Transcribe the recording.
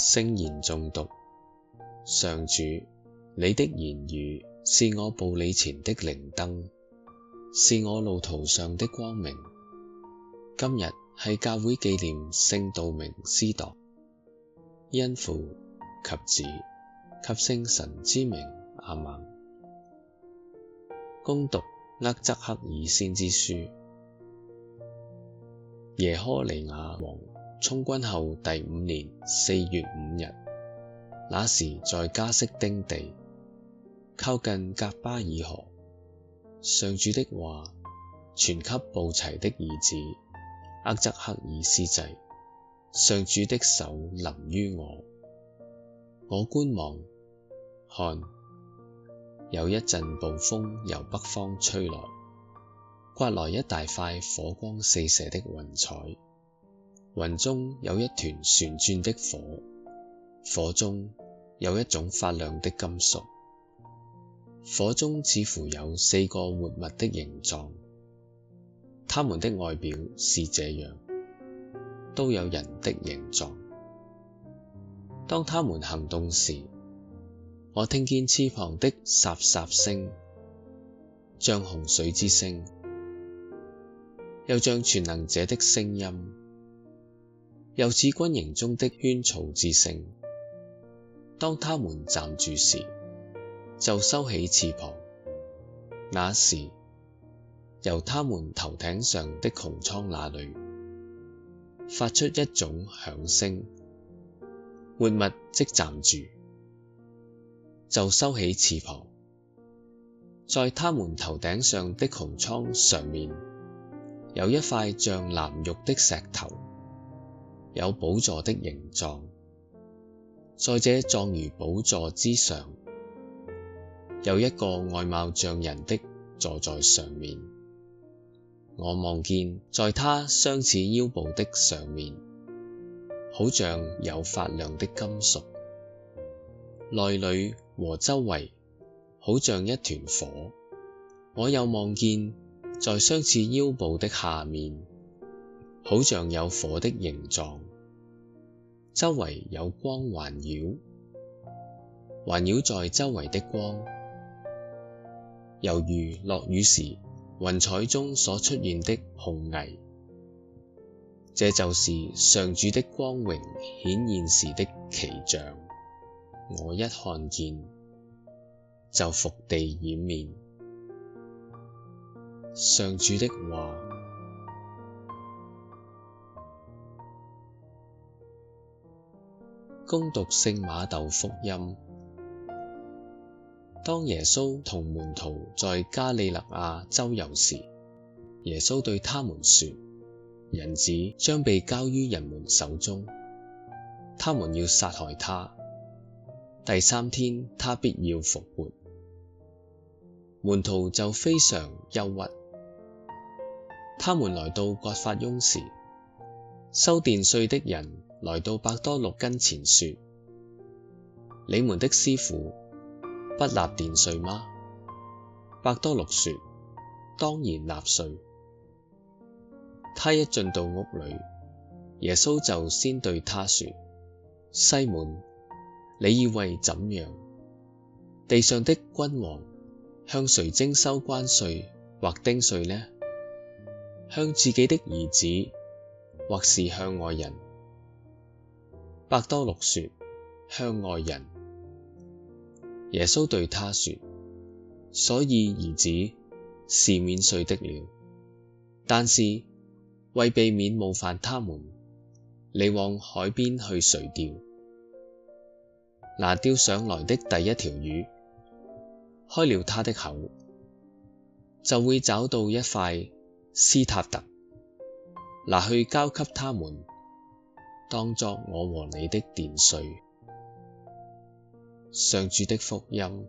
聖言誦讀：「上主，你的言語是我步履前的靈燈，是我路途上的光明。今日係教會紀念聖道明司鐸。因父及子及聖神之名阿們，恭讀厄則克耳先知書。耶苛尼雅王充軍後第五年四月五日，那時在加色丁地，靠近革巴爾河。上主的話，傳給步齊的兒子厄則克耳司祭。上主的手臨於我，我觀望，看，有一陣暴風由北方吹來，刮來一大塊火光四射的雲彩，雲中有一團旋轉的火，火中有一種發亮的金屬，火中似乎有四個活物的形狀，他們的外表是這樣。都有人的形狀。當他們行動時，我聽見翅膀的颯颯聲，像洪水之聲，又像全能者的聲音，又似軍營中的喧噪之聲。當他們站住時，就收起翅膀。那時，由他們頭頂上的穹蒼那裏。發出一種響聲，活物即站住，就收起翅膀，在牠們頭頂上的穹蒼上面，有一塊像藍玉的石頭，有寶座的形狀。在這狀如寶座之上，有一個外貌像人的坐在上面。我望見在他相似腰部的上面，好像有發亮的金屬，內裏和周圍好像一團火。我又望見在相似腰部的下面，好像有火的形狀，周圍有光環繞，環繞在周圍的光，猶如落雨時，雲彩中所出現的虹霓，這就是上主的光榮顯現時的奇象。我一看見，就伏地掩面。上主的話：恭讀聖瑪竇福音。當耶穌同門徒在加里肋亞周遊時，耶穌對他們說：人子將被交於人們手中，他們要殺害他。第三天，他必要復活。門徒就非常憂鬱。他們來到葛法翁時，收殿稅的人來到伯多祿跟前說：你們的師傅。不納殿稅嗎？伯多祿說：當然納稅。他一進到屋裏，耶穌就先對他說：西滿，你以為怎樣？地上的君王向誰徵收關稅或丁稅呢？向自己的兒子，或是向外人？伯多祿說：向外人。耶穌對他說：所以兒子是免稅的了。但是，為避免冒犯他們，你往海邊去垂釣，拿釣上來的第一條魚，開了他的口，就會找到一塊斯塔特，拿去交給他們，當作我和你的殿稅。上主的福音。